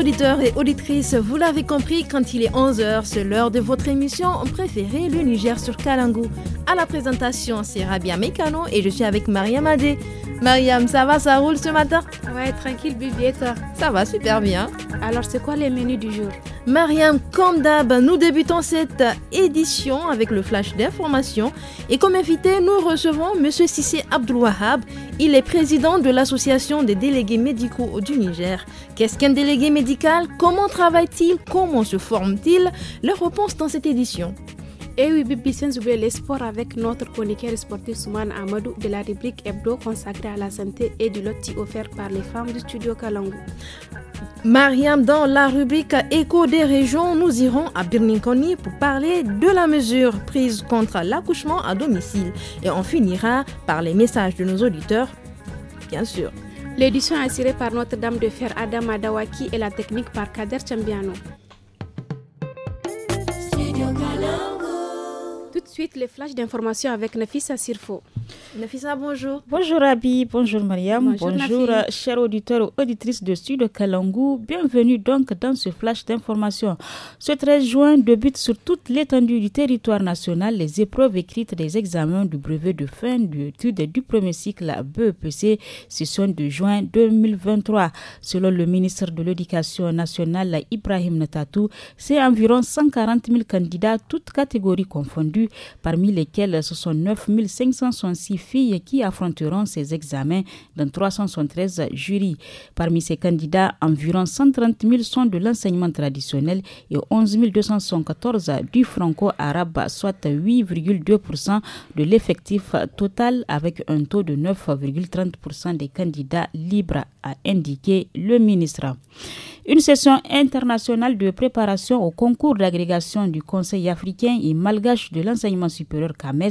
auditeurs et auditrices, vous l'avez compris, quand il est 11h, c'est l'heure de votre émission préférée, le Niger sur Kalangou. À la présentation, c'est Rabia Mekano et je suis avec Mariam Adé. Mariam, ça va, ça roule ce matin Ouais, tranquille, Bibi, Ça va super bien. Alors, c'est quoi les menus du jour Mariam Kamdab. Ben, nous débutons cette édition avec le flash d'information et comme invité, nous recevons M. Sissé Abdouahab. Il est président de l'association des délégués médicaux du Niger. Qu'est-ce qu'un délégué médical Comment travaille-t-il Comment se forme-t-il Leur réponse dans cette édition. Et eh oui, Bibi vous les l'espoir avec notre chroniqueur sportif Souman Amadou de la rubrique Hebdo consacrée à la santé et du loti offert par les femmes du studio Kalangu. Mariam, dans la rubrique Écho des régions, nous irons à Koni pour parler de la mesure prise contre l'accouchement à domicile. Et on finira par les messages de nos auditeurs, bien sûr. L'édition est assurée par notre dame de fer Adam Adawaki et la technique par Kader Chambiano les flashs d'informations avec Nafisa Sirfo. Nafisa, bonjour. Bonjour Abi, bonjour Mariam, bonjour, bonjour euh, chers auditeurs ou auditrices de Sud Kalangou. Bienvenue donc dans ce flash d'informations. Ce 13 juin débute sur toute l'étendue du territoire national les épreuves écrites des examens du brevet de fin d'études du premier cycle à BEPC, session de juin 2023. Selon le ministre de l'Éducation nationale, Ibrahim Natatou, c'est environ 140 000 candidats, toutes catégories confondues, parmi lesquels ce sont 9 566 filles qui affronteront ces examens dans 373 jurys. Parmi ces candidats, environ 130 000 sont de l'enseignement traditionnel et 11 214 du franco-arabe, soit 8,2% de l'effectif total avec un taux de 9,30% des candidats libres, a indiqué le ministre. Une session internationale de préparation au concours d'agrégation du Conseil africain et malgache de l'enseignement supérieur CAMES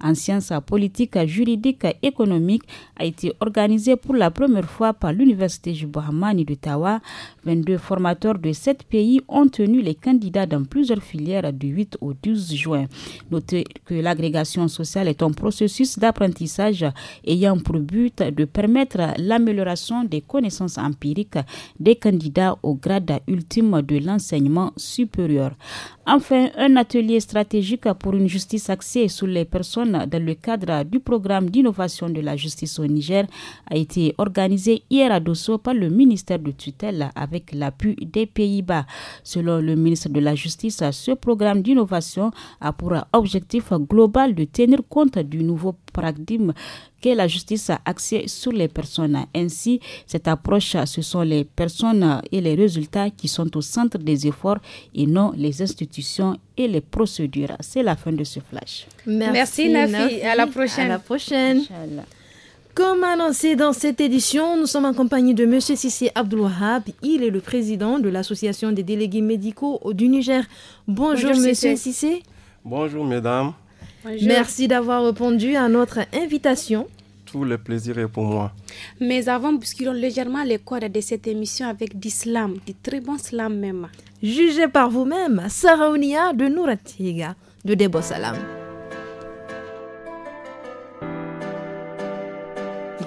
en sciences politiques, juridiques et économiques a été organisée pour la première fois par l'Université de d'Ottawa. 22 formateurs de 7 pays ont tenu les candidats dans plusieurs filières du 8 au 12 juin. Notez que l'agrégation sociale est un processus d'apprentissage ayant pour but de permettre l'amélioration des connaissances empiriques des candidats au grade ultime de l'enseignement supérieur. Enfin, un atelier stratégique pour une justice axée sur les personnes dans le cadre du programme d'innovation de la justice au Niger a été organisé hier à Dosso par le ministère de tutelle avec l'appui des Pays-Bas. Selon le ministre de la Justice, ce programme d'innovation a pour objectif global de tenir compte du nouveau paradigme que la justice a axé sur les personnes. Ainsi, cette approche, ce sont les personnes et les résultats qui sont au centre des efforts et non les institutions et les procédures. C'est la fin de ce flash. Merci, Nafi. À la prochaine. À la prochaine. Comme annoncé dans cette édition, nous sommes en compagnie de M. Sissé Abdulhab. Il est le président de l'Association des délégués médicaux du Niger. Bonjour, Monsieur Sissé. Bonjour, mesdames. Merci d'avoir répondu à notre invitation le plaisir est pour moi. Mais avant, bousculons légèrement les cordes de cette émission avec d'islam, du très bon slam même. Jugez par vous-même, unia de Nouratiga, de Debo Salam.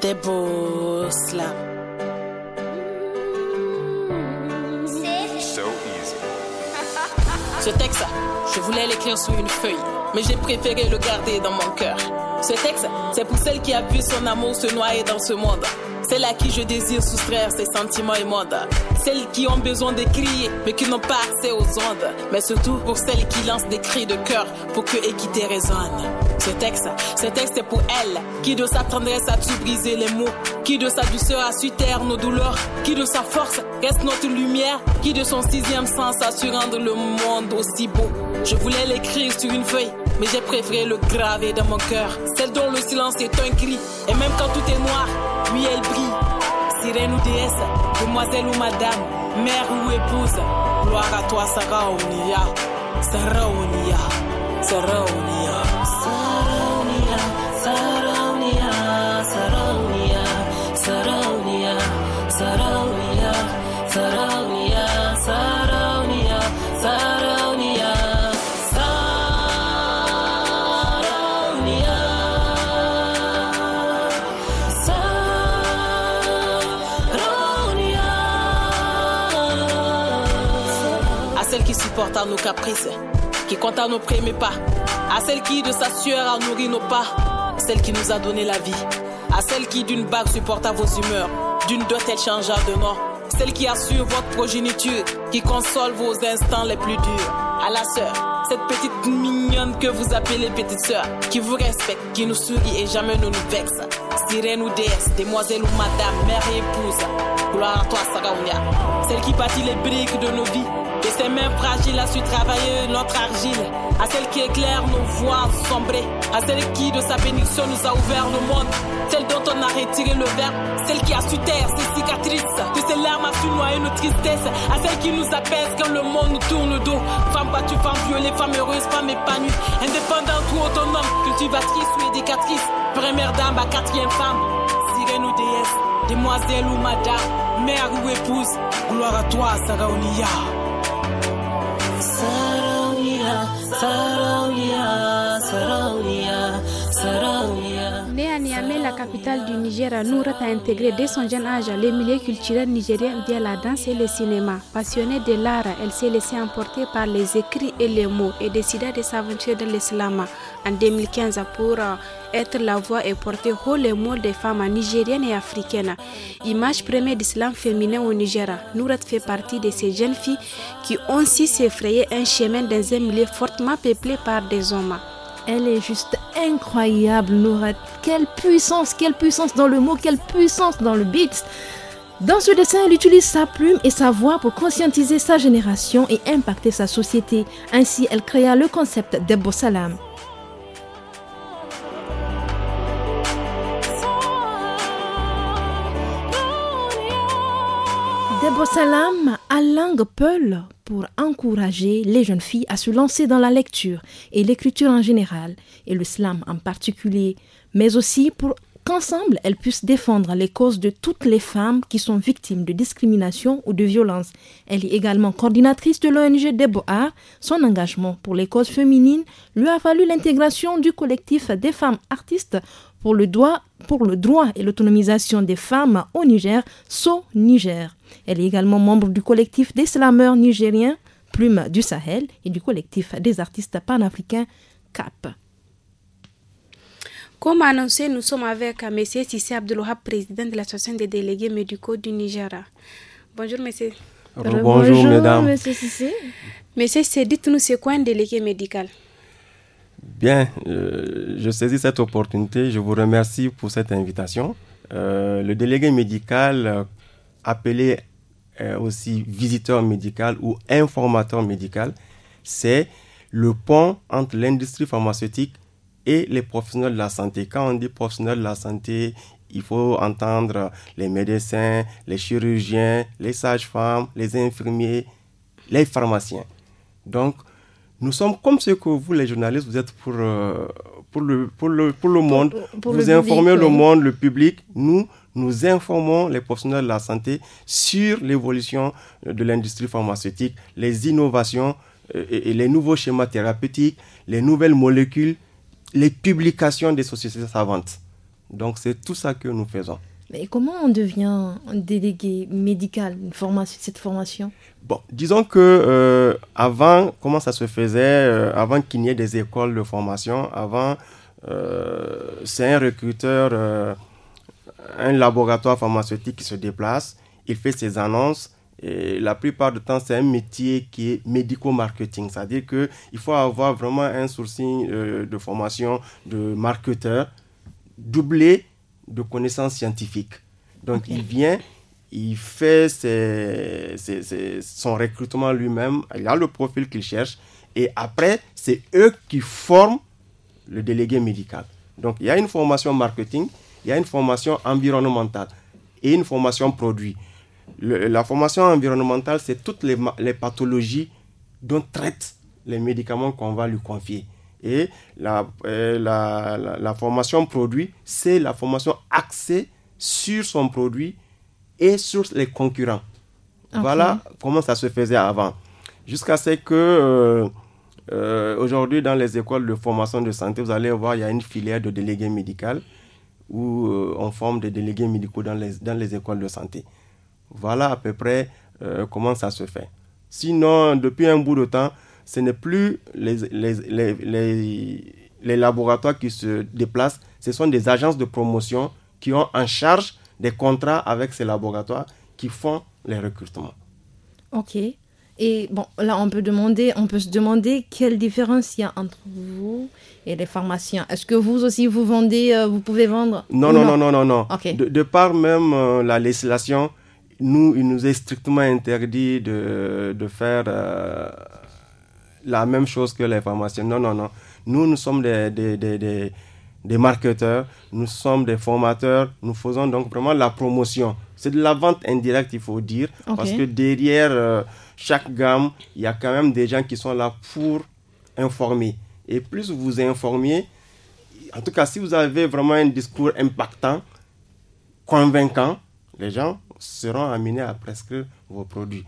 Debo Salam. Ce texte, je voulais l'écrire sur une feuille, mais j'ai préféré le garder dans mon cœur. Ce texte, c'est pour celle qui a vu son amour se noyer dans ce monde. Celle à qui je désire soustraire ses sentiments immondes. Celles qui ont besoin de crier, mais qui n'ont pas accès aux ondes. Mais surtout pour celles qui lancent des cris de cœur pour que équité résonne. Ce texte, ce texte est pour elle, qui de sa tendresse a tout brisé les mots, qui de sa douceur a su taire nos douleurs, qui de sa force reste notre lumière, qui de son sixième sens a su rendre le monde aussi beau. Je voulais l'écrire sur une feuille mais j'ai préféré le graver dans mon cœur. Celle dont le silence est un cri, et même quand tout est noir, lui elle brille. Sirène ou déesse, demoiselle ou madame, mère ou épouse, gloire à toi, Sarah Onia, Sarah Sarah à nos caprices, qui compte à nos premiers pas, à celle qui de sa sueur a nourri nos pas, celle qui nous a donné la vie, à celle qui d'une bague supporta vos humeurs, d'une dot elle changea de nom, celle qui assure votre progéniture, qui console vos instants les plus durs, à la sœur, cette petite mignonne que vous appelez petite sœur, qui vous respecte, qui nous sourit et jamais ne nous vexe, sirène ou déesse, demoiselle ou madame, mère et épouse, gloire à toi celle qui bâtit les briques de nos vies, et ses mains fragiles a su travailler notre argile, à celle qui éclaire nos voies sombrées, à celle qui de sa bénédiction nous a ouvert le monde, celle dont on a retiré le verbe, celle qui a su taire ses cicatrices, de ses larmes a su noyer nos tristesses, à celle qui nous apaise quand le monde nous tourne le dos. Femme battue, femme violée, femme heureuse, femme épanouie, indépendante ou autonome, cultivatrice ou éducatrice, première dame à quatrième femme, sirène ou déesse, demoiselle ou madame, mère ou épouse, gloire à toi, Sarah Oliya 사랑이야 사랑 la capitale du Niger, Nourat a intégré dès son jeune âge les milieux culturels nigériens via la danse et le cinéma. Passionnée de l'art, elle s'est laissée emporter par les écrits et les mots et décida de s'aventurer dans l'islam en 2015 pour euh, être la voix et porter haut les mots des femmes nigériennes et africaines. Image première d'islam féminin au Niger, Nourat fait partie de ces jeunes filles qui ont si s'effrayé un chemin dans un milieu fortement peuplé par des hommes. Elle est juste incroyable, Noura, Quelle puissance, quelle puissance dans le mot, quelle puissance dans le beat. Dans ce dessin, elle utilise sa plume et sa voix pour conscientiser sa génération et impacter sa société. Ainsi, elle créa le concept des gros salam à langue peul pour encourager les jeunes filles à se lancer dans la lecture et l'écriture en général et le slam en particulier, mais aussi pour qu'ensemble, elles puissent défendre les causes de toutes les femmes qui sont victimes de discrimination ou de violence. Elle est également coordinatrice de l'ONG des Son engagement pour les causes féminines lui a valu l'intégration du collectif des femmes artistes pour le, droit, pour le droit et l'autonomisation des femmes au Niger, SO Niger. Elle est également membre du collectif des slameurs nigériens, Plume du Sahel, et du collectif des artistes panafricains, CAP. Comme annoncé, nous sommes avec M. Sissé Abdelohab, président de l'association des délégués médicaux du Nigeria. Bonjour, monsieur. Bonjour, Bonjour M. Monsieur Sissé. Monsieur Sissé, dites-nous, c'est quoi un délégué médical Bien, euh, je saisis cette opportunité. Je vous remercie pour cette invitation. Euh, le délégué médical, euh, appelé aussi visiteur médical ou informateur médical, c'est le pont entre l'industrie pharmaceutique et les professionnels de la santé. Quand on dit professionnels de la santé, il faut entendre les médecins, les chirurgiens, les sages-femmes, les infirmiers, les pharmaciens. Donc, nous sommes comme ce que vous, les journalistes, vous êtes pour, euh, pour, le, pour, le, pour le monde. Pour, vous informez le monde, le public. Nous, nous informons les professionnels de la santé sur l'évolution de l'industrie pharmaceutique, les innovations euh, et les nouveaux schémas thérapeutiques, les nouvelles molécules les publications des sociétés savantes. Donc c'est tout ça que nous faisons. Mais comment on devient un délégué médical, une formation, cette formation Bon, disons que euh, avant, comment ça se faisait euh, Avant qu'il n'y ait des écoles de formation, avant, euh, c'est un recruteur, un laboratoire pharmaceutique qui se déplace, il fait ses annonces, la plupart du temps, c'est un métier qui est médico-marketing, c'est-à-dire qu'il faut avoir vraiment un sourcing euh, de formation de marketeur doublé de connaissances scientifiques. Donc, il vient, il fait son recrutement lui-même, il a le profil qu'il cherche, et après, c'est eux qui forment le délégué médical. Donc, il y a une formation marketing, il y a une formation environnementale et une formation produit la formation environnementale, c'est toutes les, pathologies dont traitent les médicaments qu'on va lui confier. Et euh, la, formation produit, c'est la formation axée sur son produit et sur les concurrents. Voilà comment ça se faisait avant. Jusqu'à ce que euh, euh, aujourd'hui, dans les écoles de formation de santé, vous allez voir, il y a une filière de délégués médicaux où en on forme des délégués médicaux dans les écoles de santé. Voilà à peu près euh, comment ça se fait. Sinon, depuis un bout de temps, ce n'est plus les, laboratoires qui se déplacent, ce sont des agences de promotion qui ont en charge des contrats avec ces laboratoires qui font les recrutements. Ok. Et bon, là, on peut, demander, on peut se demander quelle différence il y a entre vous et les pharmaciens. Est-ce que vous aussi, vous vendez, euh, vous pouvez vendre Non, non, non, non, non, non. De, par même euh, la législation, nous, il nous est strictement interdit de, de faire euh, la même chose que les formations Non, non, non. Nous, nous sommes des, des, des, des, des marketeurs, nous sommes des formateurs, nous faisons donc vraiment la promotion. C'est de la vente indirecte, il faut dire, parce que derrière euh, chaque gamme, il y a quand même des gens qui sont là pour informer. Et plus vous vous informez, en tout cas, si vous avez vraiment un discours impactant, convaincant, les gens seront amenés à prescrire vos produits.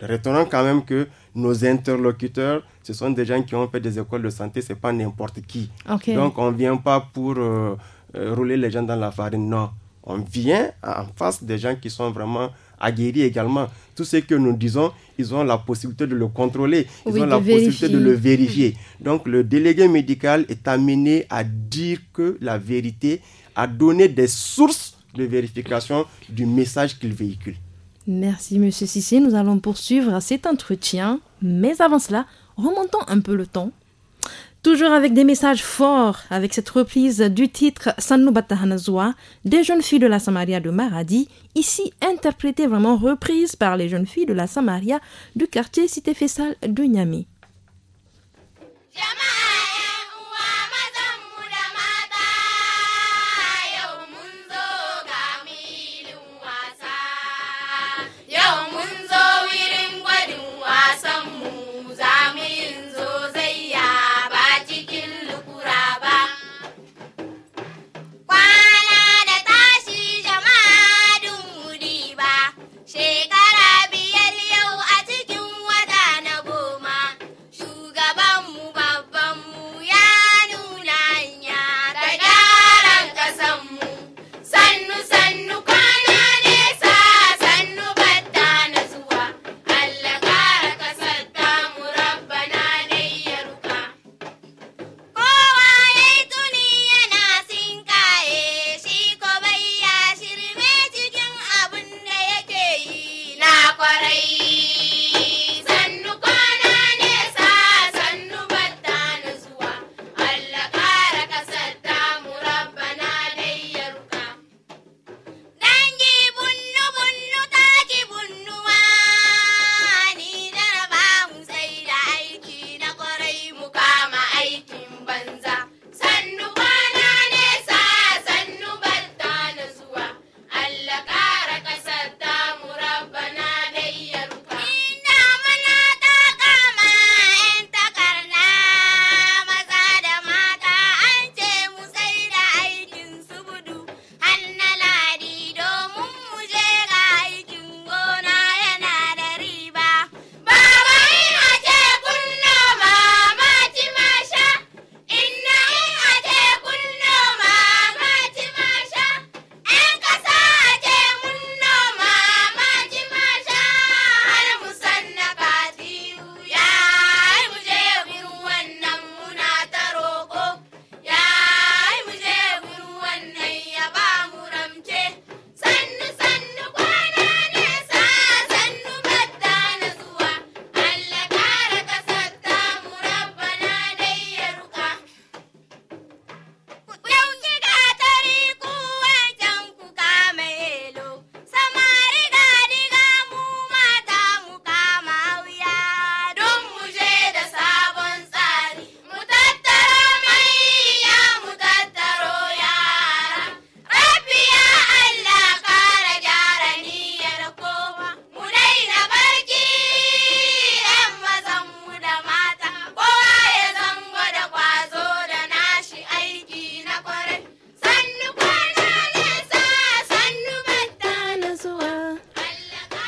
Retenons quand même que nos interlocuteurs, ce sont des gens qui ont fait des écoles de santé, ce n'est pas n'importe qui. Donc on ne vient pas pour euh, euh, rouler les gens dans la farine, non. On vient en face des gens qui sont vraiment aguerris également. Tout ce que nous disons, ils ont la possibilité de le contrôler, ils ont la possibilité de le vérifier. Donc le délégué médical est amené à dire que la vérité, à donner des sources de vérification du message qu'il véhicule. Merci, Monsieur Sissé. Nous allons poursuivre cet entretien. Mais avant cela, remontons un peu le temps. Toujours avec des messages forts, avec cette reprise du titre Sanou Batahanazoa des jeunes filles de la Samaria de Maradi, ici interprétée vraiment reprise par les jeunes filles de la Samaria du quartier Cité Fessal de Niamey.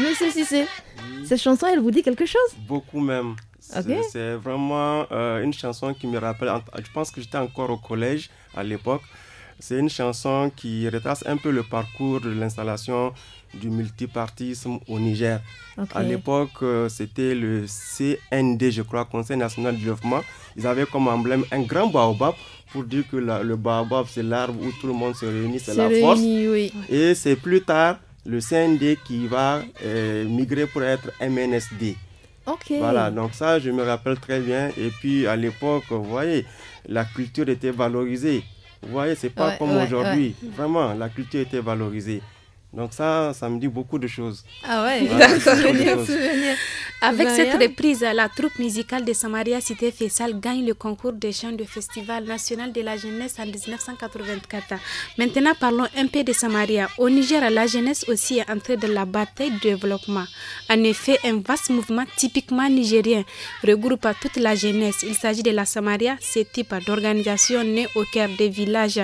Monsieur Cissé, oui. cette chanson, elle vous dit quelque chose Beaucoup même. C'est vraiment euh, une chanson qui me rappelle, je pense que j'étais encore au collège à l'époque. C'est une chanson qui retrace un peu le parcours de l'installation du multipartisme au Niger. À l'époque, euh, c'était le CND, je crois, Conseil national du développement. Ils avaient comme emblème un grand baobab pour dire que le baobab, c'est l'arbre où tout le monde se réunit, c'est la force. Et c'est plus tard le CND qui va euh, migrer pour être MNSD. Okay. Voilà, donc ça, je me rappelle très bien. Et puis, à l'époque, vous voyez, la culture était valorisée. Vous voyez, c'est pas comme aujourd'hui. Vraiment, la culture était valorisée. Donc ça, ça me dit beaucoup de choses. Ah ouais, Avec cette reprise, la troupe musicale de Samaria Cité Fessal gagne le concours des chants du Festival national de la jeunesse en 1984. Maintenant, parlons un peu de Samaria. Au Niger, la jeunesse aussi est entrée dans la bataille de développement. En effet, un vaste mouvement typiquement nigérien regroupe toute la jeunesse. Il s'agit de la Samaria, ce type d'organisation née au cœur des villages,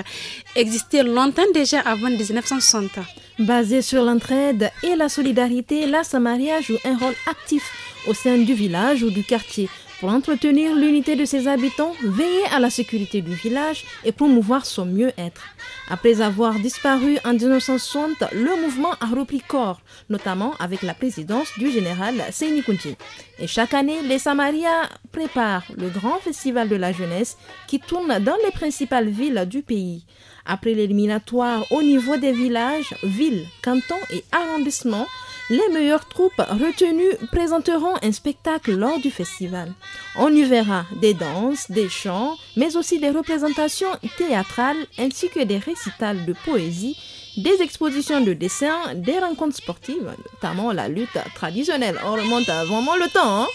existait longtemps déjà avant 1960. Basée sur l'entraide et la solidarité, la Samaria joue un rôle actif au sein du village ou du quartier pour entretenir l'unité de ses habitants, veiller à la sécurité du village et promouvoir son mieux-être. Après avoir disparu en 1960, le mouvement a repris corps, notamment avec la présidence du général Seini Kunti. Et chaque année, les Samarias préparent le grand festival de la jeunesse qui tourne dans les principales villes du pays. Après l'éliminatoire au niveau des villages, villes, cantons et arrondissements, les meilleures troupes retenues présenteront un spectacle lors du festival. On y verra des danses, des chants, mais aussi des représentations théâtrales ainsi que des récitals de poésie, des expositions de dessins, des rencontres sportives, notamment la lutte traditionnelle. On remonte vraiment le temps. Hein.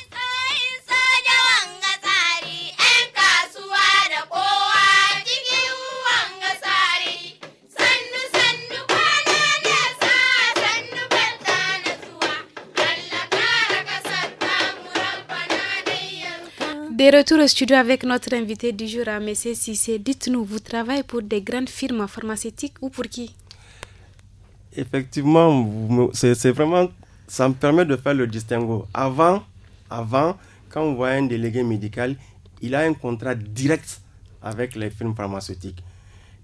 Des retours au studio avec notre invité du jour, M. Sissé. Dites-nous, vous travaillez pour des grandes firmes pharmaceutiques ou pour qui Effectivement, c'est vraiment, ça me permet de faire le distinguo. Avant, avant, quand on voit un délégué médical, il a un contrat direct avec les firmes pharmaceutiques.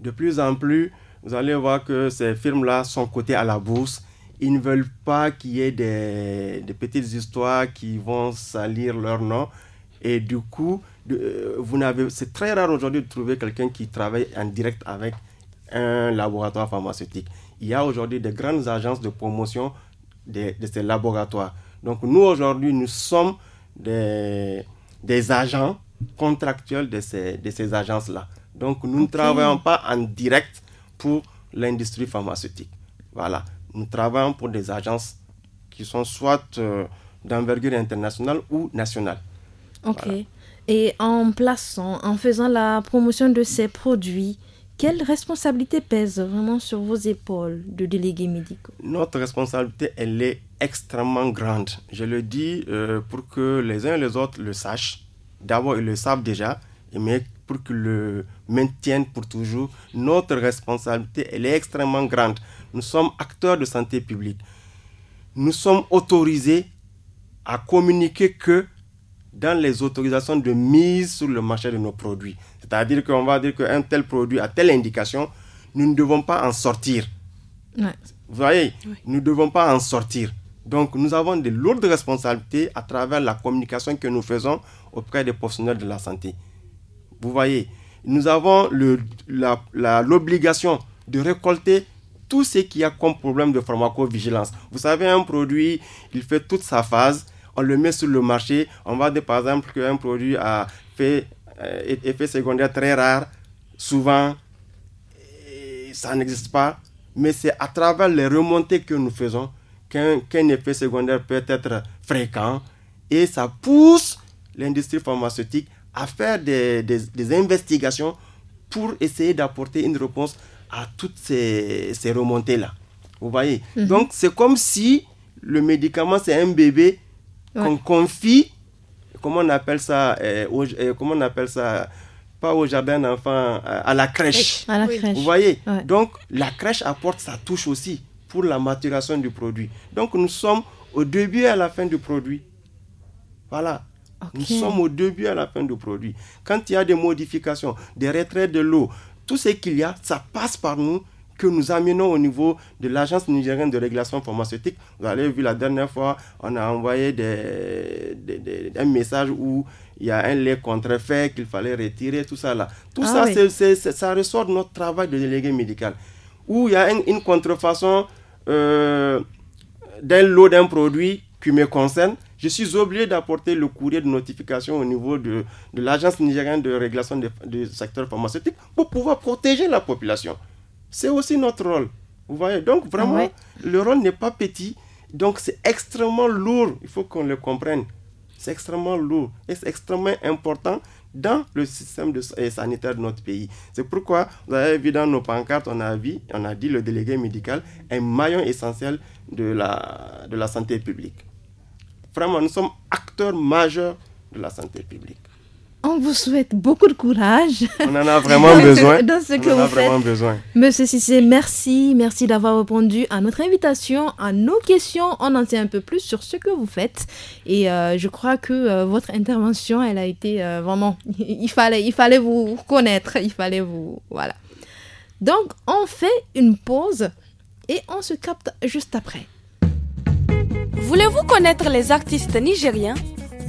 De plus en plus, vous allez voir que ces firmes-là sont cotées à la bourse. Ils ne veulent pas qu'il y ait des petites histoires qui vont salir leur nom. Et du coup, euh, vous n'avez, c'est très rare aujourd'hui de trouver quelqu'un qui travaille en direct avec un laboratoire pharmaceutique. Il y a aujourd'hui de grandes agences de promotion de, ces laboratoires. Donc nous, aujourd'hui, nous sommes des, des agents contractuels de ces, de ces agences-là. Donc nous ne travaillons pas en direct pour l'industrie pharmaceutique. Voilà. Nous travaillons pour des agences qui sont soit euh, d'envergure internationale ou nationale. Ok. Et en plaçant, en faisant la promotion de ces produits, quelle responsabilité pèse vraiment sur vos épaules de délégués médicaux Notre responsabilité, elle est extrêmement grande. Je le dis euh, pour que les uns et les autres le sachent. D'abord, ils le savent déjà, mais pour qu'ils le maintiennent pour toujours, notre responsabilité, elle est extrêmement grande. Nous sommes acteurs de santé publique. Nous sommes autorisés à communiquer que dans les autorisations de mise sur le marché de nos produits. C'est-à-dire qu'on va dire qu'un tel produit a telle indication, nous ne devons pas en sortir. Vous voyez, nous ne devons pas en sortir. Donc nous avons de lourdes responsabilités à travers la communication que nous faisons auprès des professionnels de la santé. Vous voyez, nous avons l'obligation de récolter tout ce qu'il y a comme problème de pharmacovigilance. Vous savez, un produit, il fait toute sa phase, on le met sur le marché. On va dire par exemple qu'un produit a fait effet euh, secondaire très rare, souvent ça n'existe pas, mais c'est à travers les remontées que nous faisons qu'un effet secondaire peut être fréquent et ça pousse l'industrie pharmaceutique à faire des, des, investigations pour essayer d'apporter une réponse à toutes ces, remontées-là. Vous voyez mhm. Donc c'est comme si le médicament, c'est un bébé on confie, comment on appelle ça, euh, euh, comment on appelle ça, pas au jardin d'enfants, euh, à la crèche. Vous voyez Donc, la crèche apporte sa touche aussi pour la maturation du produit. Donc, nous sommes au début et à la fin du produit. Voilà. Nous sommes au début et à la fin du produit. Quand il y a des modifications, des retraits de l'eau, tout ce qu'il y a, ça passe par nous que nous amenons au niveau de l'Agence nigérienne de régulation pharmaceutique. Vous avez vu la dernière fois, on a envoyé des, des, un message où il y a un lait contrefait qu'il fallait retirer, tout ça là. Tout ah ça, c'est ça ressort de notre travail de délégué médical. Où il y a une, contrefaçon euh, d'un lot d'un produit qui me concerne, je suis obligé d'apporter le courrier de notification au niveau de, de l'Agence nigérienne de régulation du secteur pharmaceutique pour pouvoir protéger la population. C'est aussi notre rôle. Vous voyez Donc, vraiment, le rôle n'est pas petit. Donc, c'est extrêmement lourd. Il faut qu'on le comprenne. C'est extrêmement lourd et c'est extrêmement important dans le système de, euh, sanitaire de notre pays. C'est pourquoi vous avez vu dans nos pancartes, on a, on a dit le délégué médical est un maillon essentiel de la, de la santé publique. Vraiment, nous sommes acteurs majeurs de la santé publique. On vous souhaite beaucoup de courage. On en a vraiment besoin. ce que vous faites. Monsieur Sissé, merci. Merci d'avoir répondu à notre invitation, à nos questions. On en sait un peu plus sur ce que vous faites. Et euh, je crois que euh, votre intervention, elle a été euh, vraiment. il, fallait, il fallait vous connaître. Il fallait vous. Voilà. Donc, on fait une pause et on se capte juste après. Voulez-vous connaître les artistes nigériens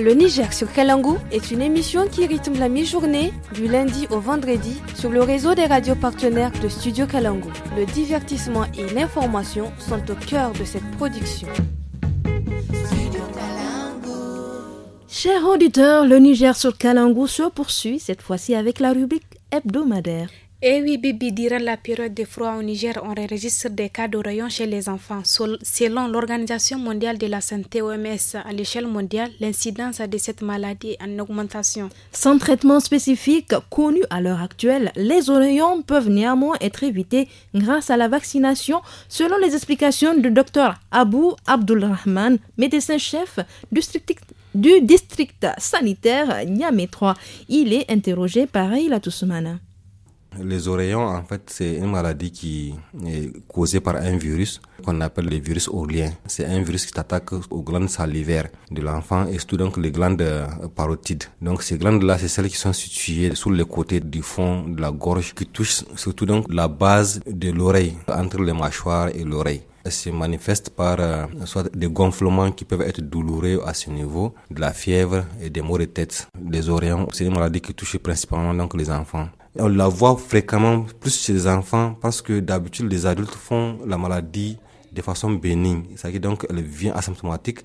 Le Niger sur Kalangu est une émission qui rythme la mi-journée du lundi au vendredi sur le réseau des radios partenaires de Studio Kalangu. Le divertissement et l'information sont au cœur de cette production. Chers auditeurs, le Niger sur Kalangu se poursuit cette fois-ci avec la rubrique hebdomadaire. Eh oui, Bibi, durant la période de froid au Niger, on enregistre des cas de chez les enfants. Selon l'Organisation mondiale de la santé OMS, à l'échelle mondiale, l'incidence de cette maladie est en augmentation. Sans traitement spécifique connu à l'heure actuelle, les rayons peuvent néanmoins être évités grâce à la vaccination, selon les explications du docteur Abou Abdulrahman, médecin-chef du district du district sanitaire Niamey 3. Il est interrogé par Aïla Toussoumana. Les oreillons, en fait, c'est une maladie qui est causée par un virus qu'on appelle le virus orlien. C'est un virus qui s'attaque aux glandes salivaires de l'enfant et surtout donc les glandes euh, parotides. Donc ces glandes-là, c'est celles qui sont situées sur les côtés du fond de la gorge, qui touchent surtout donc la base de l'oreille, entre les mâchoires et l'oreille se manifeste par euh, soit des gonflements qui peuvent être douloureux à ce niveau, de la fièvre et des maux de tête. Les oreillons, c'est une maladie qui touche principalement donc les enfants. On la voit fréquemment plus chez les enfants parce que d'habitude les adultes font la maladie de façon bénigne. C'est-à-dire donc elle vient asymptomatique,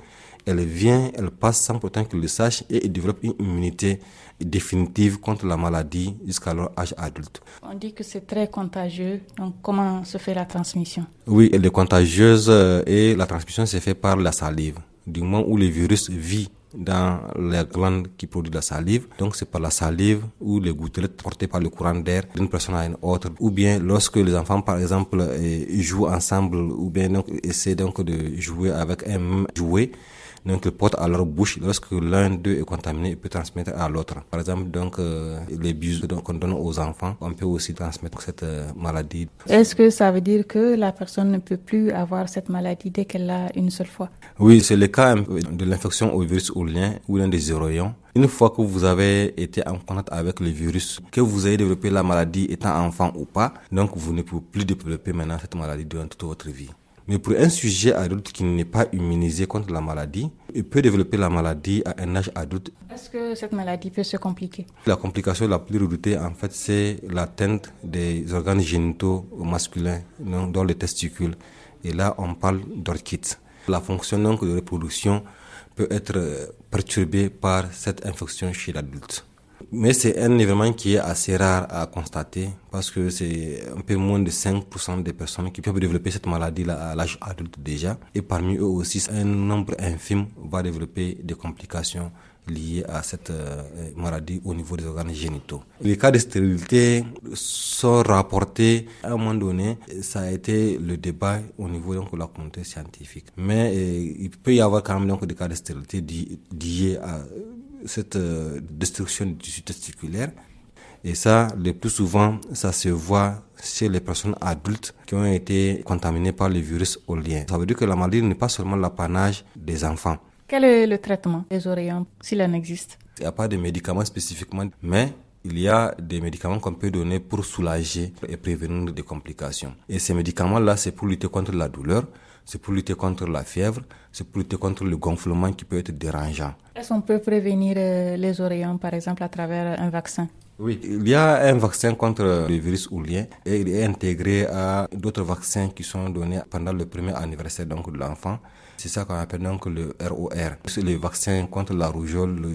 elle vient, elle passe sans pourtant qu'ils le sachent et elle développe une immunité définitive contre la maladie jusqu'à leur âge adulte. On dit que c'est très contagieux, donc comment se fait la transmission Oui, elle est contagieuse euh, et la transmission se fait par la salive. Du moment où le virus vit dans la glande qui produit la salive. Donc c'est par la salive ou les gouttelettes portées par le courant d'air d'une personne à une autre. Ou bien lorsque les enfants, par exemple, eh, jouent ensemble ou bien donc, essaient donc de jouer avec un jouet, donc ils portent à leur bouche. Lorsque l'un d'eux est contaminé, il peut transmettre à l'autre. Par exemple, donc euh, les bisous qu'on donne aux enfants, on peut aussi transmettre cette euh, maladie. Est-ce que ça veut dire que la personne ne peut plus avoir cette maladie dès qu'elle l'a une seule fois Oui, c'est le cas de l'infection au virus ou lien ou l'un des héroïons. Une fois que vous avez été en contact avec le virus, que vous ayez développé la maladie étant enfant ou pas, donc vous ne pouvez plus développer maintenant cette maladie durant toute votre vie. Mais pour un sujet adulte qui n'est pas immunisé contre la maladie, il peut développer la maladie à un âge adulte. Est-ce que cette maladie peut se compliquer La complication la plus redoutée, en fait, c'est l'atteinte des organes génitaux masculins, dans les testicules. Et là, on parle d'orchite. La fonction de reproduction peut être euh, perturbée par cette infection chez l'adulte. Mais c'est un événement qui est assez rare à constater parce que c'est un peu moins de 5% des personnes qui peuvent développer cette maladie à l'âge adulte déjà. Et parmi eux aussi, un nombre infime va développer des complications liées à cette euh, maladie au niveau des organes génitaux. Les cas de stérilité sont rapportés à un moment donné. Ça a été le débat au niveau donc, de la communauté scientifique. Mais euh, il peut y avoir quand même donc, des cas de stérilité liés à cette euh, destruction du tissu testiculaire. Et ça, le plus souvent, ça se voit chez les personnes adultes qui ont été contaminées par le virus olien. Ça veut dire que la maladie n'est pas seulement l'apanage des enfants. Quel est le traitement des oreillons, s'il en existe Il n'y a pas de médicaments spécifiquement, mais il y a des médicaments qu'on peut donner pour soulager et prévenir des complications. Et ces médicaments-là, c'est pour lutter contre la douleur, c'est pour lutter contre la fièvre, c'est pour lutter contre le gonflement qui peut être dérangeant. Est-ce qu'on peut prévenir euh, les oreillons, par exemple, à travers un vaccin oui, il y a un vaccin contre le virus oulien et il est intégré à d'autres vaccins qui sont donnés pendant le premier anniversaire donc, de l'enfant. C'est ça qu'on appelle donc le ROR. C'est le vaccin contre la rougeole, le,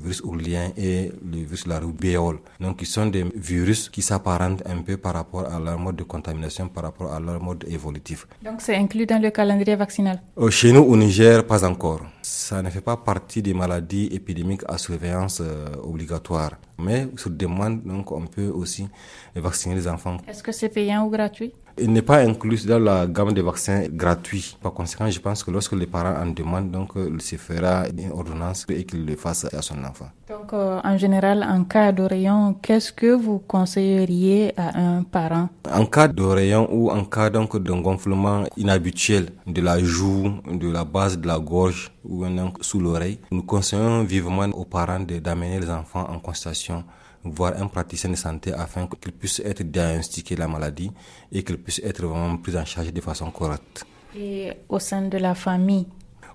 virus ourlien et le virus la rubéole. Donc, ils sont des virus qui s'apparentent un peu par rapport à leur mode de contamination, par rapport à leur mode évolutif. Donc, c'est inclus dans le calendrier vaccinal euh, Chez nous, au Niger, pas encore. Ça ne fait pas partie des maladies épidémiques à surveillance euh, obligatoire. Mais sur demande, donc, on peut aussi vacciner les enfants. Est-ce que c'est payant ou gratuit il n'est pas inclus dans la gamme des vaccins gratuits. Par conséquent, je pense que lorsque les parents en demandent, donc, il se fera une ordonnance et qu'il le fasse à son enfant. Donc, euh, en général, en cas de rayon, qu'est-ce que vous conseilleriez à un parent En cas de rayon ou en cas donc d'un gonflement inhabituel de la joue, de la base de la gorge ou un sous l'oreille, nous conseillons vivement aux parents d'amener les enfants en consultation voir un praticien de santé afin qu'il puisse être diagnostiqué la maladie et qu'il puisse être vraiment pris en charge de façon correcte. Et au sein de la famille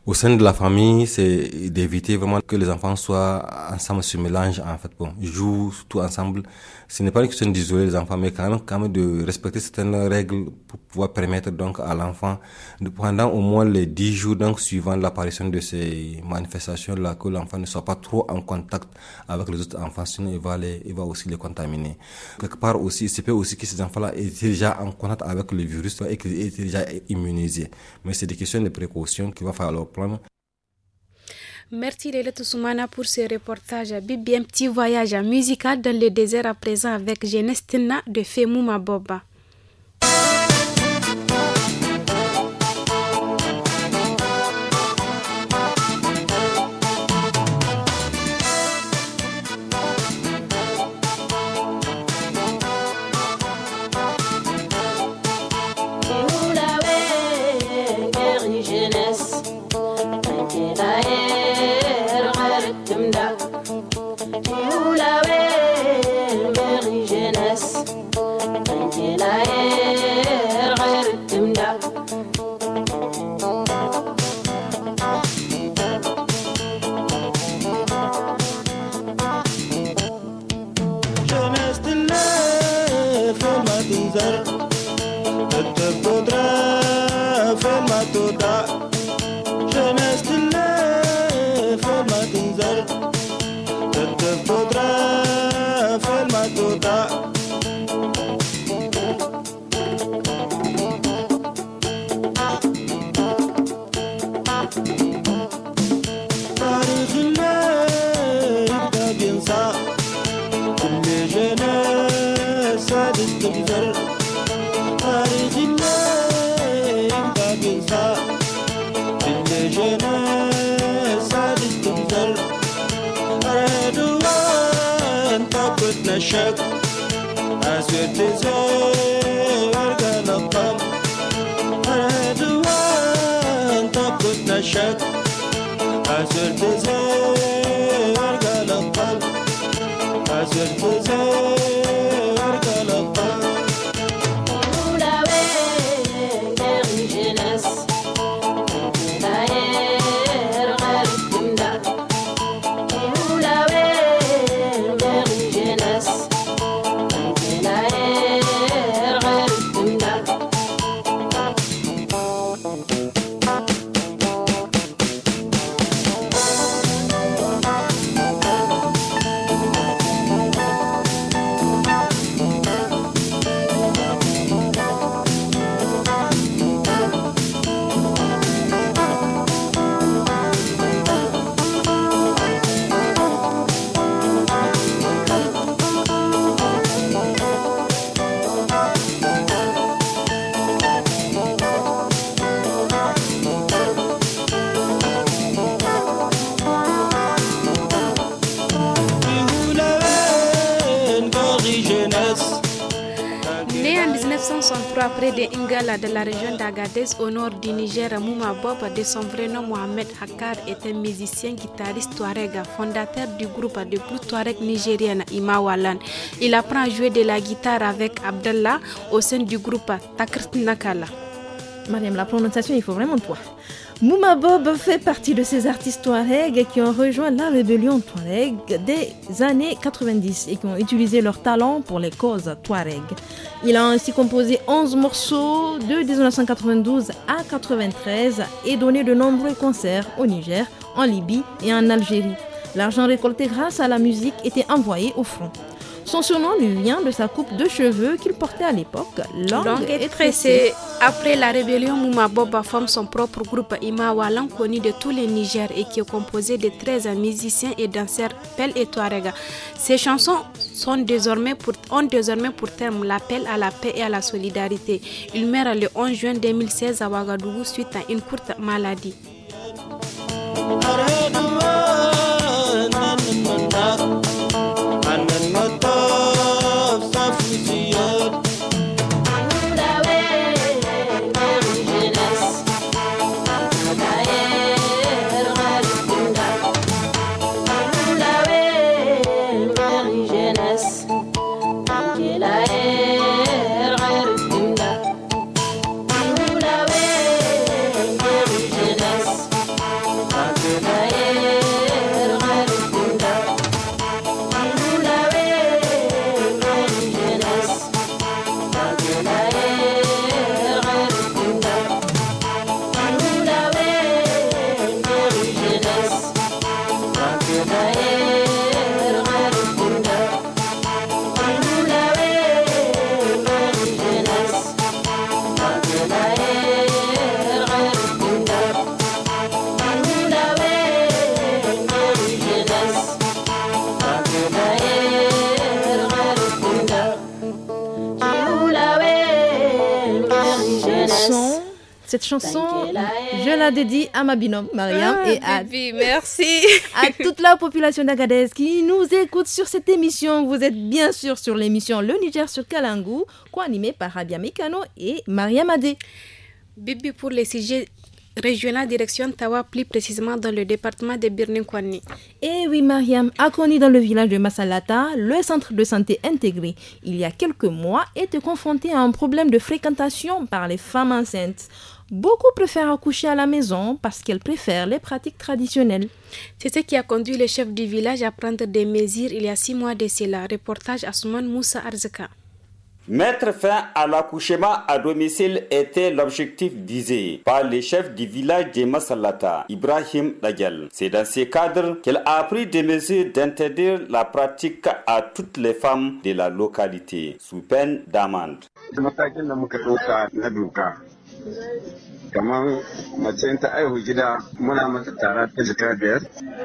Au sein de la famille, c'est d'éviter vraiment que les enfants soient ensemble, se mélangent en fait, bon, jouent tout ensemble ce n'est pas une question d'isoler les enfants, mais quand même, de respecter certaines règles pour pouvoir permettre donc à l'enfant, de, pendant au moins les 10 jours donc suivant l'apparition de ces manifestations-là, que l'enfant ne soit pas trop en contact avec les autres enfants, sinon il va, les, il va aussi les contaminer. Quelque part aussi, c'est peut aussi que ces enfants-là étaient déjà en contact avec le virus et qu'ils étaient déjà immunisés. Mais c'est des questions de précaution qu'il va falloir prendre. Merci Lelette Soumana pour ce reportage. Bibi, un petit voyage musical dans le désert à présent avec Genestina de Femouma Boba. Caesar. شد از التزام قلب قلب از التزام 1963, près de Ingala, de la région d'Agadez, au nord du Niger, Mouma Bob, de son vrai nom Mohamed Hakkar, est un musicien guitariste touareg, fondateur du groupe de blues touareg nigérienne Imawalan. Il apprend à jouer de la guitare avec Abdallah au sein du groupe Takrt Nakala. Mariam, la prononciation, il faut vraiment toi. Mouma Bob fait partie de ces artistes touareg qui ont rejoint la rébellion touareg des années 90 et qui ont utilisé leur talent pour les causes touareg. Il a ainsi composé 11 morceaux de 1992 à 93 et donné de nombreux concerts au Niger, en Libye et en Algérie. L'argent récolté grâce à la musique était envoyé au front. Son surnom lui vient de sa coupe de cheveux qu'il portait à l'époque, longue, et Après la rébellion, Mouma Boba forme son propre groupe Imawa, connu de tous les Niger et qui est composé de 13 musiciens et danseurs Pel et Touarega. Ses chansons sont désormais pour, ont désormais pour thème l'appel à la paix et à la solidarité. Il meurt le 11 juin 2016 à Ouagadougou suite à une courte maladie. Cette chanson, je la dédie à ma binôme, Mariam, ah, et à, merci. à toute la population d'Agadez qui nous écoute sur cette émission. Vous êtes bien sûr sur l'émission Le Niger sur Kalangou, co-animée par Rabia Mekano et Mariam Adé. Bibi, pour les sujets régionaux, direction Tawa, plus précisément dans le département de birnin Eh oui, Mariam, à Koni dans le village de Masalata, le centre de santé intégré, il y a quelques mois, était confronté à un problème de fréquentation par les femmes enceintes. Beaucoup préfèrent accoucher à la maison parce qu'elles préfèrent les pratiques traditionnelles. C'est ce qui a conduit les chefs du village à prendre des mesures il y a six mois de cela. Reportage Souman Moussa Arzeka. Mettre fin à l'accouchement à domicile était l'objectif visé par les chefs du village de Masalata, Ibrahim Dagel. C'est dans ce cadre qu'elle a pris des mesures d'interdire la pratique à toutes les femmes de la localité, sous peine d'amende. kamar mace ta aihu gida muna mata tara ta jika biyar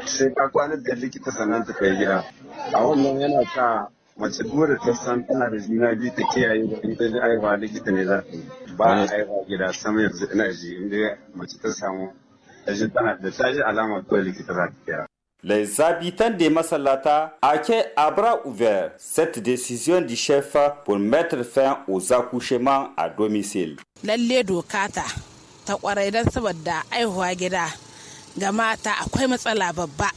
sai ka kwanar da likita sannan ta kai gida a wannan yana sa mace dole ta san tana da juna biyu ta kiyaye da ita da aihuwa likita ne za ta yi ba a aihuwa gida sama yanzu ina ji inda mace ta samu ta ji tana da ta ji alama ko likita za ta kira Les habitants de Masalata accueillent à bras ouverts cette décision du chef pour mettre fin aux accouchements à domicile. Lalle doka ta ta kwarai don saboda aihuwa gida ga mata akwai matsala babba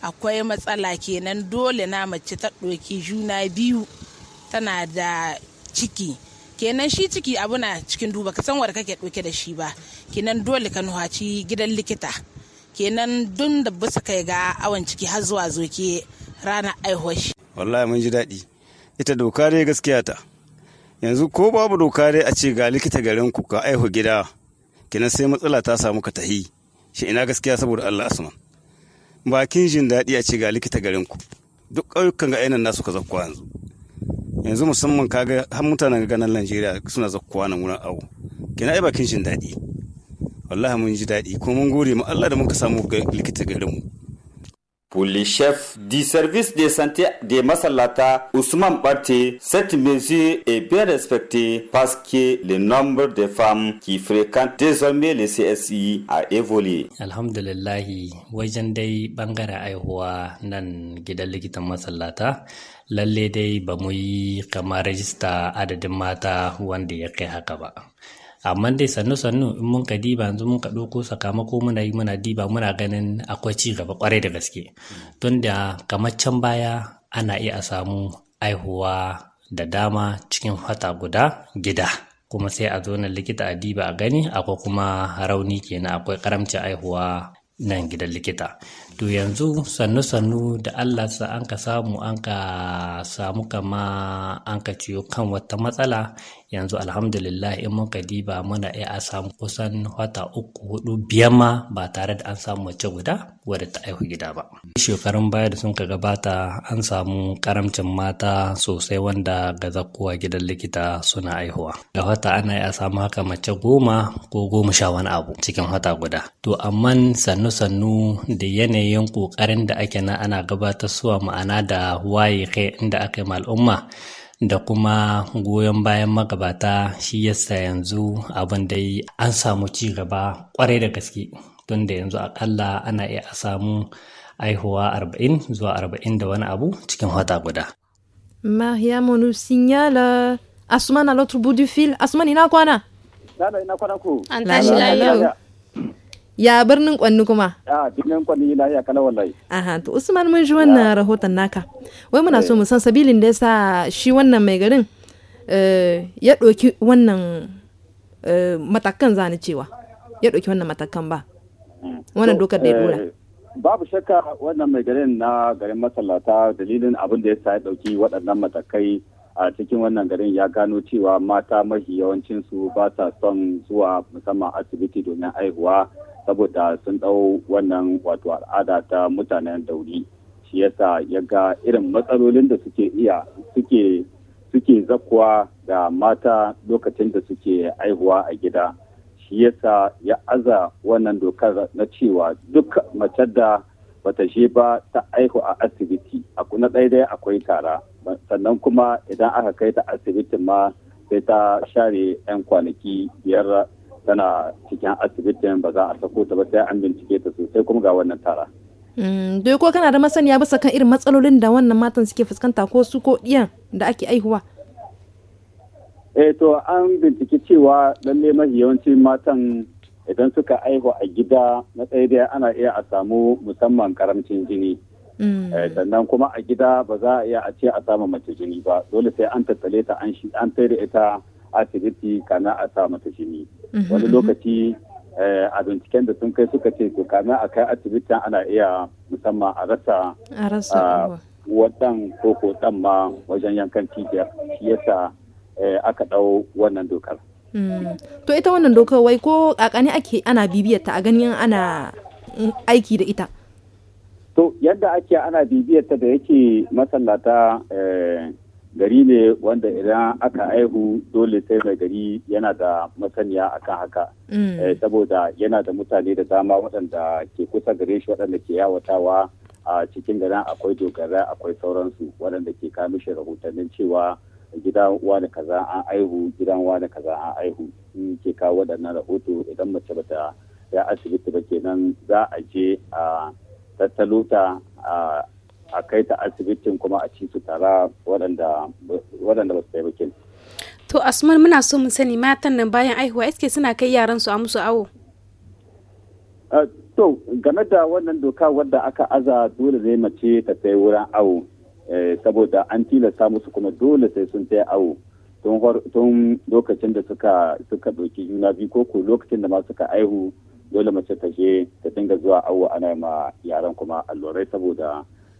akwai matsala kenan dole na mace ta ɗoki juna biyu tana da ciki kenan shi ciki abu na cikin duba ka san wanda kake ɗauke da shi ba kenan dole ka nuhaci gidan likita. kenan dun da bisa kai ga awon ciki har zuwa zoke ranar aihuwar shi wallahi mun ji daɗi ita doka dai gaskiya ta yanzu ko babu doka dai a ce ga likita garin ku ka aihu gida kenan sai matsala ta samu ka tahi shi ina gaskiya saboda Allah asman bakin jin daɗi a ce ga likita garin ku duk ƙauyukan ga ainihin nasu ka zakkuwa yanzu yanzu musamman kaga har mutanen ganin Najeriya suna zakkuwa nan wurin awo kina ai bakin jin daɗi wallahi mun ji daɗi kuma mun gode ma Allah da muka samu ga likita garinmu. Pour chef du service de santé de Masalata, Ousmane Barté, cette mesure est bien respectée parce que le nombre de femmes qui fréquentent désormais le CSI a évolué. alhamdulillahi wajen dai bangaren aihuwa nan gidan likitan Masallata, lalle dai ba mu yi kama rajista adadin mata wanda ya kai haka ba. amma dai sannu sannu in mun ka diba yanzu mun ka ɗauko sakamako muna yi muna diba muna ganin akwai ci gaba kwarai da gaske tunda kamar can baya ana iya samu aihuwa da dama cikin fata guda gida kuma sai a zo na likita a diba a gani akwai kuma rauni kenan akwai karamcin aihuwa nan gidan likita to yanzu sannu-sannu da allah sa an ka samu an ka samu kama an ka ciyo kan wata matsala yanzu alhamdulillah in muka diba muna iya a samu kusan wata uku hudu biyar ma ba tare da an samu mace guda wadda ta aihu gida ba shekarun baya da sun ka gabata an samu karamcin mata sosai wanda ga zakkuwa gidan likita suna aihuwa da wata ana iya samu haka mace goma ko goma sha wani abu cikin wata guda to amma sannu-sannu da yanayin kokarin da ake na ana gabatar suwa ma'ana da waye kai inda aka yi al'umma da kuma goyon bayan magabata shi yasa yanzu abin dai an samu ci gaba kwarai da gaske tun da yanzu akalla ana iya samu aihuwa 40 zuwa 40 da wani abu cikin wata guda. Mariam, Monu Sinyala, Asuman Asman à l'autre du fil. Asuman ina kwana? Ina kwana ku. An tashi layo. ya birnin kwanni kuma a birnin kwanni lahiya kala wallahi aha to usman mun ji wannan rahoton naka wai muna so eh. mu san sabilin da yasa shi wannan mai garin eh, ya ɗauki wannan eh, matakan zani cewa ya ɗauki wannan matakan ba hmm. wannan dokar da ya dora babu shakka wannan mai garin na garin masallata dalilin abin da ya sa ya ɗauki waɗannan matakai a cikin wannan garin ya gano cewa mata mafi yawancinsu ba sa son zuwa musamman asibiti domin haihuwa saboda sun ɗau wannan wato al'ada ta mutanen dauri shi yasa ya ga irin matsalolin da suke iya suke suke zakuwa ga mata lokacin da suke aihuwa a gida shi yasa ya aza wannan dokar na cewa duk mace da bata shi ba ta aihu a asibiti na kuna dai akwai tara sannan kuma idan aka kai ta asibitin ma sai ta share 'yan kwanaki biyar tana cikin asibitin ba za a sako ta ba sai an bincike ta sosai kuma ga wannan tara. Mm, dai ko kana da masaniya bisa kan irin matsalolin da wannan matan suke fuskanta ko su ko ɗiyan da ake aihuwa? Eh to an bincike cewa lalle mafi yawancin matan idan suka aihu a gida na tsaye dai ana iya a samu musamman karamcin jini. Mm. Eh, sannan kuma a gida ba za a iya a ce a samu mace jini ba dole sai an tattale ta an sai ita asibiti kana a sa mata jini mhm. wani lokaci eh, a binciken da sun kai suka ce to kana a kai asibitin ana iya musamman a rasa ah, wadan ko ko dan ma wajen yankan cibiyar shi yasa eh, aka dau wannan dokar hmm. to ita wannan dokar wai ko kakani ake ana bibiyar ta a ganin ana aiki da ita to yadda ake ana bibiyar ta da yake masallata eh, gari ne wanda idan aka aihu dole sai mai gari yana da masaniya a kan haka mm. eh, saboda yana da mutane da dama waɗanda ke kusa gare shi waɗanda ke yawatawa a cikin garin akwai dogara akwai sauransu waɗanda ke kawo shi rahotannin cewa gidan wani kaza an aihu gidan wani kaza an aihu ke kawo waɗannan rahoto idan mace bata ya asibiti ba kenan za a je a tattalo ta a kai ta asibitin kuma a ci su tara waɗanda ba su taimakin. To Asman muna so mu sani matan nan bayan aihuwa iske suna kai yaran su a musu awo. To game da wannan doka wadda aka aza dole zai mace ta sai wurin awo eh, saboda an tilasta musu kuma dole sai sun sai awo tun lokacin da suka suka doki juna biyu ko ko lokacin da ma suka aihu dole mace ta je ta dinga zuwa awo ana ma yaran kuma allurai saboda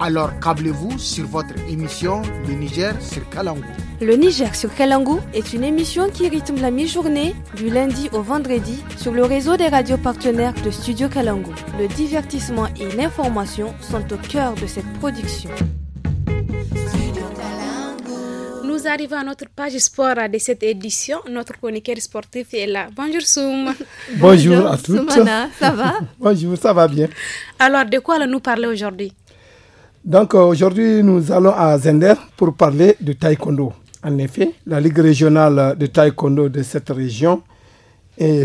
alors câblez-vous sur votre émission Le Niger sur Kalangou. Le Niger sur Kalangou est une émission qui rythme la mi-journée du lundi au vendredi sur le réseau des radios partenaires de Studio Kalangou. Le divertissement et l'information sont au cœur de cette production. Nous arrivons à notre page sport de cette édition. Notre chroniqueur sportif est là. Bonjour Soum. Bonjour, à tous. Soumana, ça va Bonjour, ça va bien. Alors, de quoi allons-nous parler aujourd'hui donc euh, aujourd'hui, nous allons à Zender pour parler du taekwondo. En effet, la Ligue régionale de taekwondo de cette région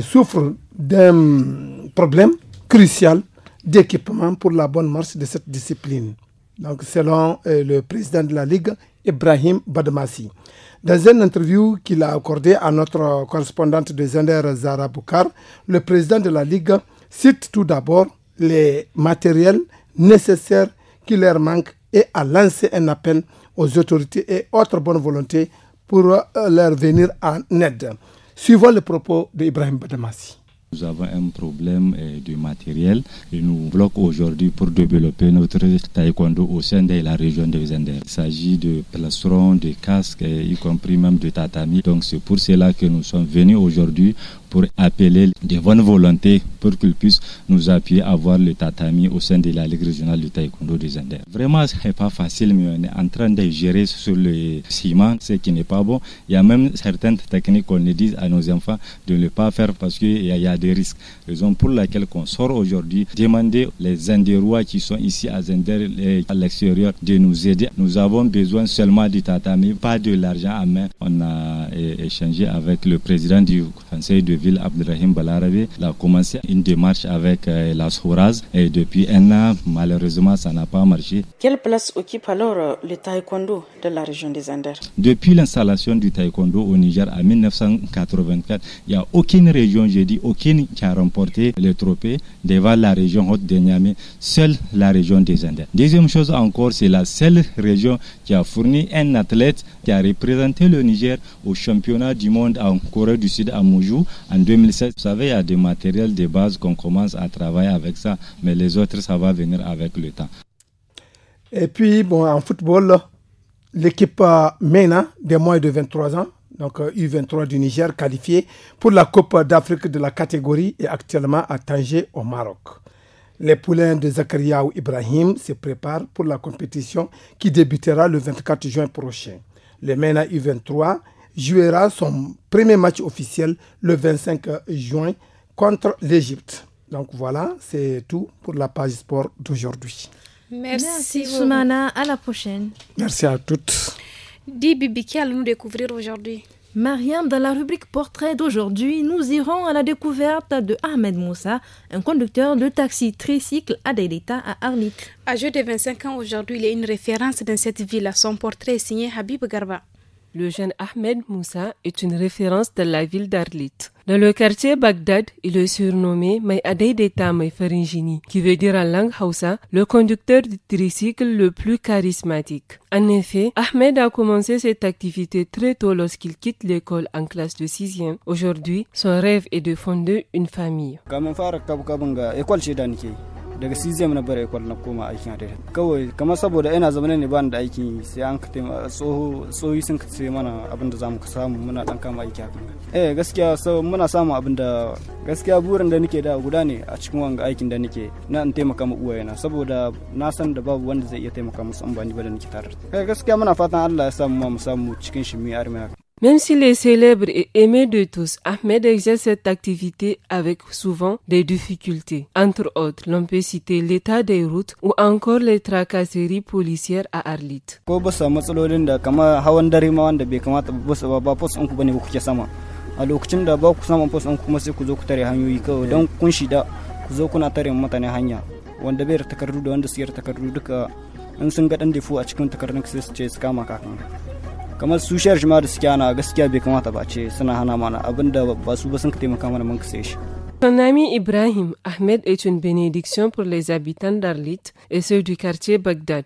souffre d'un problème crucial d'équipement pour la bonne marche de cette discipline. Donc, selon euh, le président de la Ligue, Ibrahim Badmassi. Dans une interview qu'il a accordée à notre correspondante de Zender, Zara Boukar, le président de la Ligue cite tout d'abord les matériels nécessaires qui leur manque et à lancer un appel aux autorités et autres bonnes volontés pour euh, leur venir en aide. Suivons le propos d'Ibrahim Badamassi. Nous avons un problème euh, de matériel et nous bloquons aujourd'hui pour développer notre taekwondo au sein de la région de Zender. Il s'agit de plastrons, de casques, euh, y compris même de tatami. Donc c'est pour cela que nous sommes venus aujourd'hui pour appeler des bonnes volontés pour qu'ils puissent nous appuyer à avoir le tatami au sein de la Ligue régionale du taekwondo de Zender. Vraiment, ce n'est pas facile, mais on est en train de gérer sur le ciment, ce qui n'est pas bon. Il y a même certaines techniques qu'on dit à nos enfants de ne pas faire parce qu'il y a des risques. Raison pour laquelle on sort aujourd'hui demander les Zenderois qui sont ici à Zender et à l'extérieur de nous aider. Nous avons besoin seulement du tatami, pas de l'argent à main. On a échangé avec le président du conseil de ville, abdrahim Balarabe. Il a commencé une démarche avec euh, la Souraz et depuis un an, malheureusement, ça n'a pas marché. Quelle place occupe alors euh, le taekwondo de la région des Zender Depuis l'installation du taekwondo au Niger en 1984, il n'y a aucune région, j'ai dit aucune qui a remporté le trophée devant la région haute de Niamey, seule la région des Indes. Deuxième chose encore, c'est la seule région qui a fourni un athlète qui a représenté le Niger au championnat du monde en Corée du Sud à Moujou en 2016. Vous savez, il y a des matériels de base qu'on commence à travailler avec ça, mais les autres, ça va venir avec le temps. Et puis, bon, en football, l'équipe euh, MENA des moins de 23 ans donc euh, U23 du Niger qualifié pour la Coupe d'Afrique de la catégorie et actuellement à Tanger au Maroc. Les poulains de Zakaria ou Ibrahim se préparent pour la compétition qui débutera le 24 juin prochain. Le MENA U23 jouera son premier match officiel le 25 juin contre l'Égypte. Donc voilà, c'est tout pour la page sport d'aujourd'hui. Merci, Merci à la prochaine. Merci à toutes dit Bibi, qui allons-nous découvrir aujourd'hui Mariam, dans la rubrique Portrait d'aujourd'hui, nous irons à la découverte de Ahmed Moussa, un conducteur de taxi tricycle à Delita à Arlit. Âgé de 25 ans aujourd'hui, il est une référence dans cette ville. Son portrait signé Habib Garba. Le jeune Ahmed Moussa est une référence de la ville d'Arlit. Dans le quartier Bagdad, il est surnommé Deta Faringini, qui veut dire en langue Hausa le conducteur du tricycle le plus charismatique. En effet, Ahmed a commencé cette activité très tôt lorsqu'il quitte l'école en classe de 6e. Aujourd'hui, son rêve est de fonder une famille. daga cesium na bara ikwal na koma aikin adai kawai kamar saboda ina zama ne ba da aikin yi sai an ka tsoho tsohi sun ka ce mana abin da zamu ka samu muna dan kama aiki hakan eh gaskiya so muna samu abin da gaskiya burin da nake da guda ne a cikin wanga aikin da nake na in taimaka ma na saboda na san da babu wanda zai iya taimaka musu in ba ni ba da nake tare eh gaskiya muna fatan Allah ya samu mu samu cikin shi mu armi haka Même s'il est célèbre et aimé de tous, Ahmed exerce cette activité avec souvent des difficultés. Entre autres, l'on l'état des routes ou encore les tracasseries policières à Arlit. kamar su shayar ma da suke ana gaskiya bai kamata ba ce suna hana mana abinda ba su ba sun taimaka mana mun sai shi Son Ibrahim Ahmed est Benediction pour les habitants d'Arlit et ceux du quartier Bagdad.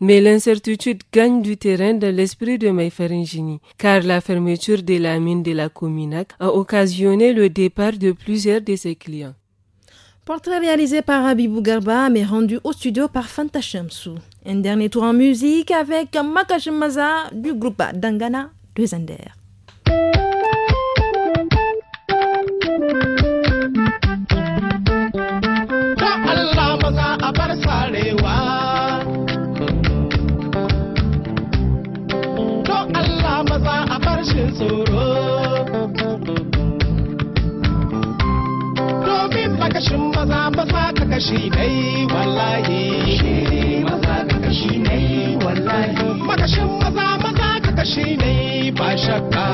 Mais l'incertitude gagne du terrain dans l'esprit de Ingini, car la fermeture de la mine de la Cominac a occasionné le départ de plusieurs de ses clients. Portrait réalisé par Abibou Garba, mais rendu au studio par Fanta Shamsou. Un dernier tour en musique avec Makashimaza du groupe Dangana de tsoro domin makashin maza maza ka kashi dai wallahi maza makashin maza maza ka kashi dai ba shakka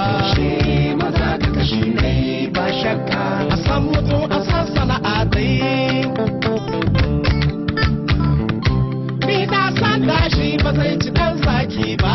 maza a san mutu a san sana'a dai Ni na san ba zai ci dan zaki ba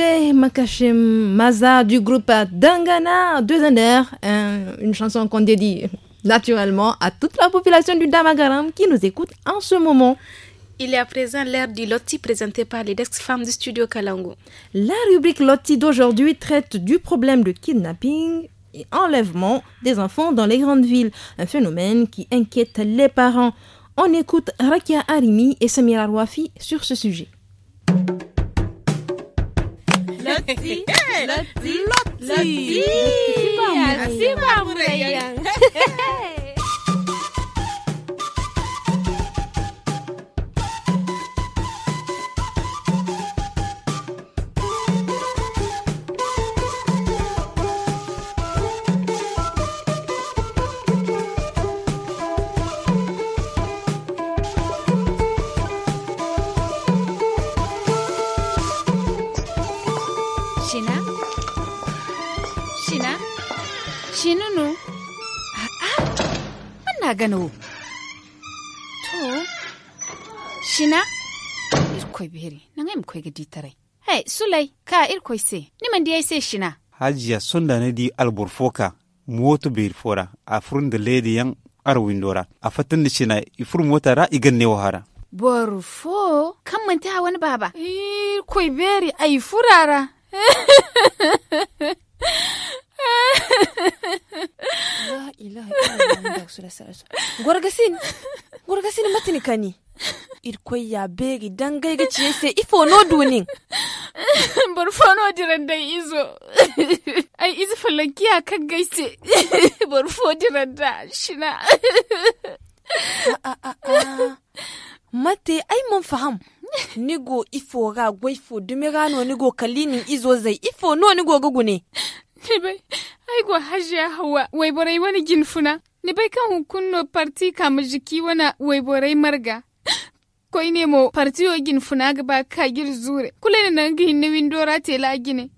C'est Makashim Maza du groupe Dangana de Zander, une chanson qu'on dédie naturellement à toute la population du Damagaram qui nous écoute en ce moment. Il est à présent l'heure du loti présenté par les Dex femmes du studio Kalango. La rubrique loti d'aujourd'hui traite du problème de kidnapping et enlèvement des enfants dans les grandes villes, un phénomène qui inquiète les parents. On écoute Rakia Arimi et Samira Rouafi sur ce sujet. Lottie, Lottie, Lati. Lati. Lati. Lati. Lati. gano to shina irkoi beri nan ai mkoi ga tarai hey sulai ka irkoi se ni man dai se shina hajiya sonda ne di alburfoka, moto beri fora a furun da lady yan arwin dora a fatan da shina ifur mota ra igan ne wahara borfo kan manta wani baba irkoi beri ai furara la ilaha illallah su la kani irkoy ya begi dangay ga ciye se ifo no dunin barfono diran dai izo ai izo falakiya kan gaise barfo diran da shina ah, ah, ah, mate ay mun faham nigo ifo ga gwaifo dumira no nigo kalinin izo zay ifo no nigo gugune ni bai aigwa hajiya hawa waiborai wani ginfuna ni bai kan hukunno parti kama jiki wana waiborai marga koi ne mo parti o ginfuna ga ba ka gir zure kula ne nan gihin ne windora tela gine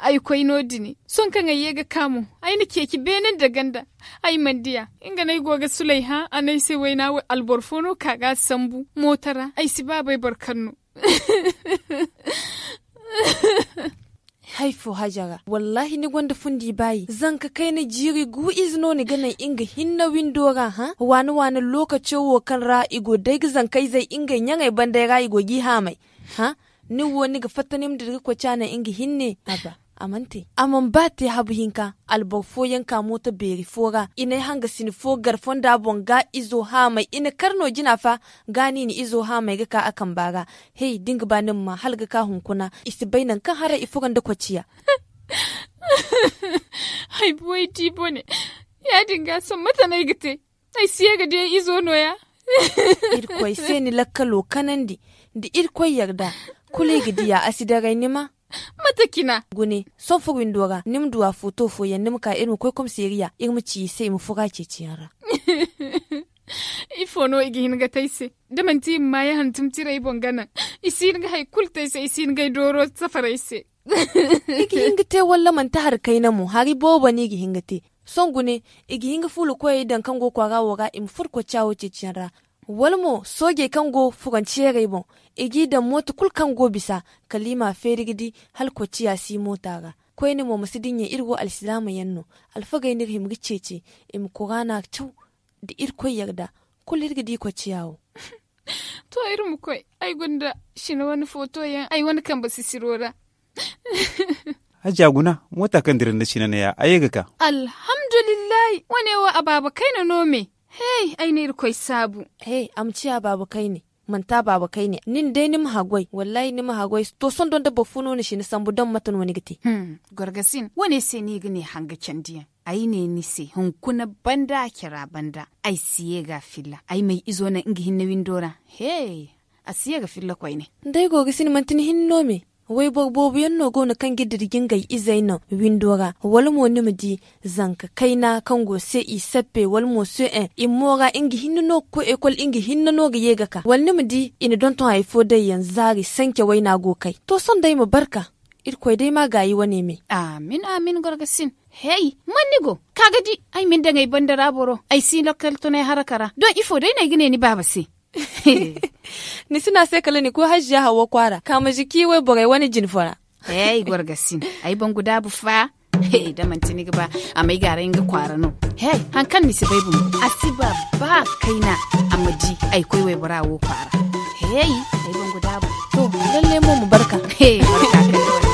ai koi no dini son kan ayye ga kamu ai ni keki benin da ganda ai mandiya inga nai goga sulaiha anai sai waina wa alborfono kaga sambu motara ai si babai barkanno haifo hajara wallahi ni gwanda fundi bayi zan ka kai ni jiri gu izno ni ganan inga hinna windora ha wani wani lokaci wo kan ra igo dai zan kai zai inga nyangai bandai ra igo gi ha mai ha ni wo ni ga fatanim da ko cana inga hinne aba amante aman bate habu hinka albo fo yanka mota beri fora ina hanga sin fo garfon da bonga izo ha mai ina karno jina fa gani ni izo ha mai gaka akan baga hey dinga banin ma halga ka hunkuna isi bainan kan hara ifuran da kwaciya hai boy ti ne ya dinga son mata na gite ai siya ga dai izo noya irkwai seni ni lakkalo kanandi da irkwai yarda kule gidiya asidarai nima matakina gune son furin dora nim duwa foto fo ya nim ka irin kwai seriya irin ci sai mu fuga ke ciyara no igi hinga taise damanti ma ya hantum tira ibon gana isin ga hay taise isi ga doro ise igi hinga te walla man ta har kai na mu hari bobo ni igi hinga te son gune igi hinga fulu koyi dan go kwa ga woga im furko chawo ce ciyara walmo soge kango fuganciyere bon igi e da mota kul kango bisa kalima ferigidi halko ga motaga koyni mo ya irgo alisilama yanno alfagaynir himgi gicece im kogana cew da irkoy yagda kul irgidi ko ciyawo to irin mu koi ai gunda shina wani foto yan ai wani kan basi sirora Hajiya guna mota kan dirin da shina ne ya ayyuka ka alhamdulillah wa ababa kai na nome Hei, ne kwai sabu. Hei, amciya babu kai ne. manta babu kai ne nin dai ni mahagwai. wallahi ni mahagwai to son don da bafu nuna shi ni sambu don matan wani gite hmm gwargasin, wani se ni gani hanga candiyan ai ne ni se hunkuna banda kira banda ai siye ga fila. ai mai izo na ingihin na windora hey a siye ga fila kwai ne dai gorgasin mantin hin nome. wai no go gona kan gidirgin gai izaino windora walmo nimdi zanka kaina kan go se i sappe walmo se en imora ingi hinno ko ekol ingi hinno ga yega ka wal ina don yanzari sanke wayna go kai to son dai mu barka koy dai ma gayi wane amin amin hey manigo. kagadi ay min da ngai bandara ai si harakara Do ifo na gine ni baba ni suna se kala ni ko ya hawa kwara kama jiki wai bugai wani jinfara hey eh, gwargasin ai ban guda bu fa hey da man tini gaba a mai gara inga kwara no hey hankan ni bai bu asiba ba kaina maji ai koi wai burawo kwara hey ai ban guda bu to lalle mu mu barka hey barka kai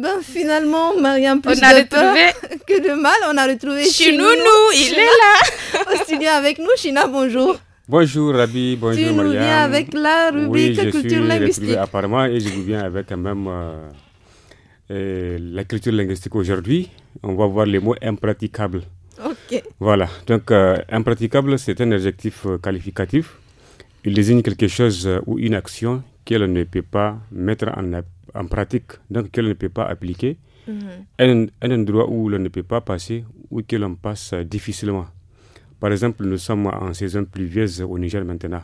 ben finalement, Marianne, plus on a de retrouvé... que de mal, on a retrouvé Chinounou. Chinounou il est là. au studio avec nous. China, bonjour. Bonjour Rabi, bonjour Marianne. Tu nous viens avec la rubrique culture linguistique. apparemment, et je vous viens avec même euh, euh, la culture linguistique aujourd'hui. On va voir les mots impraticables. Ok. Voilà, donc euh, impraticable, c'est un adjectif qualificatif. Il désigne quelque chose ou une action qu'elle ne peut pas mettre en, en pratique, donc qu'elle ne peut pas appliquer, mhm. un, un, endroit où l'on ne peut pas passer ou qu'elle l'on passe difficilement. Par exemple, nous sommes en saison pluvieuse au Niger maintenant.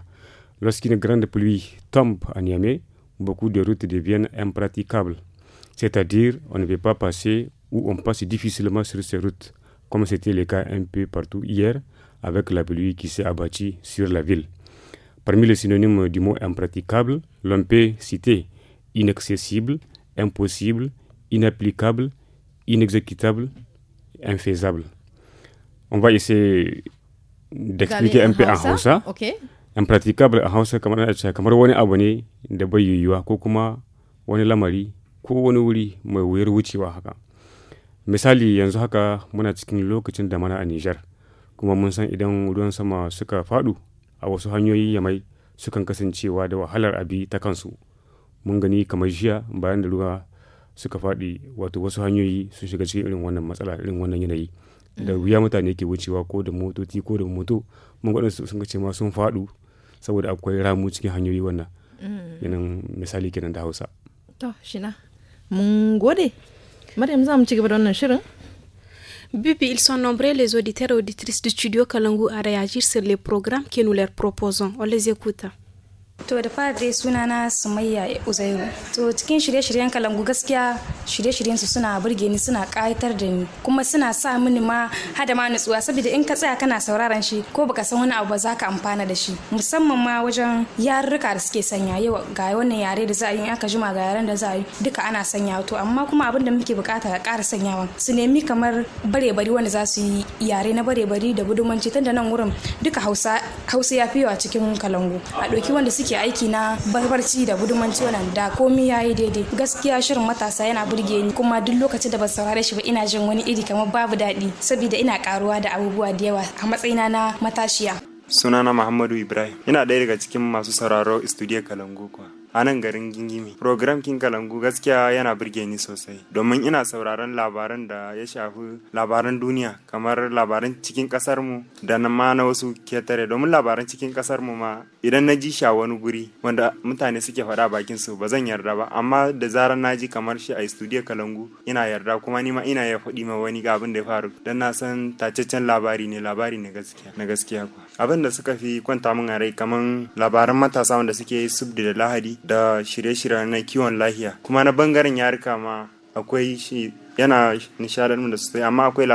Lorsqu'une grande pluie tombe à Niamey, beaucoup de routes deviennent impraticables. C'est-à-dire, on ne peut pas passer ou on passe difficilement sur ces routes, comme c'était le cas un peu partout hier avec la pluie qui s'est abattue sur la ville. Parmi les synonymes du mot impraticable, l'on peut citer inaccessible, impossible, inapplicable, inexécutable, infaisable. On va essayer d'expliquer un peu en Hausa. Okay. Impraticable a Hausa kamar a ce kamar wani abu ne da bai yiwuwa ko kuma wani lamari ko wani wuri mai wuyar wucewa haka. Misali yanzu haka muna cikin lokacin damana a Niger, kuma mun san idan ruwan sama suka faɗu a wasu hanyoyi yamai sukan kasancewa da wahalar abi ta kansu mun gani kamar jiya bayan da ruwa suka faɗi wato wasu hanyoyi sun shiga cikin irin wannan matsala irin wannan yanayi da mm. wuya mutane ke wucewa ko da motoci ko da moto mun gwada sun ce ma sun faɗu saboda akwai ramu cikin hanyoyi wannan yanan mm. misali kenan da hausa to shina mun gode maryam za mu ci gaba da wannan shirin Bibi, ils sont nombreux les auditeurs et auditrices du studio Kalangu à réagir sur les programmes que nous leur proposons. On les écoute. To da fara dai na Sumayya Uzairu. To cikin shirye-shiryen kalangu gaskiya shirye-shiryen su suna burge ni suna ƙayatar da ni kuma suna sa mini ma hada ma nutsuwa saboda in ka tsaya kana sauraron shi ko baka san wani abu ba za ka amfana da shi musamman ma wajen yarurruka da suke sanya yau ga wannan yare da za a yi aka jima ga yaren da za a yi duka ana sanya to amma kuma abin da muke bukata a ƙara sanyawa su nemi kamar bare-bari wanda za su yi yare na bare-bari da budumanci tunda nan wurin duka Hausa Hausa ya fiye a cikin kalangu a ɗauki wanda suke suke aiki na barbarci da gudumanci wannan da komi yayi daidai gaskiya shirin matasa yana burge ni kuma duk lokacin da ban saurare shi ba ina jin wani iri kamar babu daɗi saboda ina karuwa da abubuwa da yawa a matsayina na matashiya sunana muhammadu ibrahim ina ɗaya daga cikin masu sauraro studio kalangu kuwa a nan garin gingimi program kin kalangu gaskiya yana burge ni sosai domin ina sauraron labaran da ya shafi labaran duniya kamar labaran cikin kasar mu da ma na wasu ketare domin labaran cikin kasar ma idan na ji shi a wani guri wanda mutane suke faɗa bakin su ba zan yarda ba amma da zarar na ji kamar shi a studio kalangu ina yarda kuma nima ina ya faɗi ma wani ga abin da ya faru dan na san tacaccen labari ne labari na gaskiya na gaskiya abin da suka fi kwanta min a rai kaman labaran matasa wanda suke yi subdi da lahadi da shirye-shiryen na kiwon lahiya kuma na bangaren yarika ma akwai shi yana nishadar mu da sosai amma akwai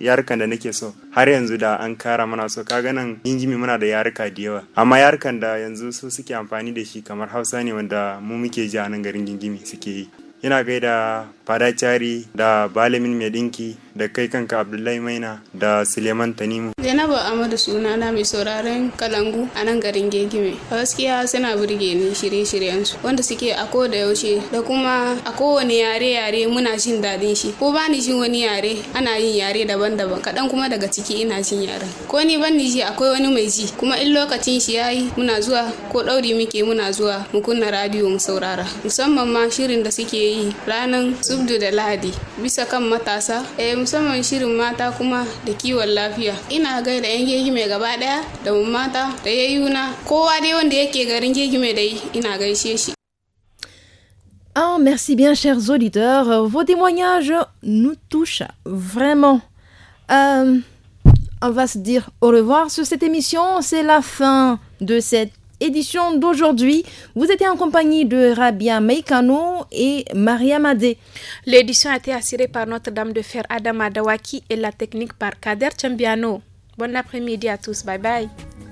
yarukan da nake so har yanzu da an kara mana so kaga nan jimi muna da yaruka da yawa amma yarukan da yanzu su suke amfani da shi kamar hausa ne wanda mu muke ji a nan garin gingimi suke yi yana gaida fada cari da balamin mai dinki da kai kanka abdullahi maina da suleiman tanimu zainabu amadu suna na mai sauraren kalangu a nan garin gegime a gaskiya suna burge ni shirye-shiryen su wanda suke a ko da yaushe da kuma a kowane yare-yare muna jin daɗin shi ko ba ni jin wani yare ana yin yare daban-daban kaɗan kuma daga ciki ina jin yaren ko ni ban ni ji akwai wani mai ji kuma in lokacin shi yayi muna zuwa ko ɗauri muke muna zuwa mu kunna radiyo mu saurara musamman ma shirin da suke yi ranan su zubdu da lahadi bisa kan matasa eh musamman shirin mata kuma da kiwon lafiya ina gaida yan gegi gaba daya da mata da yayuna kowa dai wanda yake garin gegi dai ina gaishe shi Ah, oh, merci bien, chers auditeurs. Vos témoignages nous touchent vraiment. Euh, on va se dire au revoir sur cette émission. C'est la fin de cette édition d'aujourd'hui. Vous étiez en compagnie de Rabia Meikano et Maria Madé. L'édition a été assurée par Notre-Dame de Fer Adam Adawaki et la technique par Kader Chambiano. Bon après-midi à tous. Bye bye.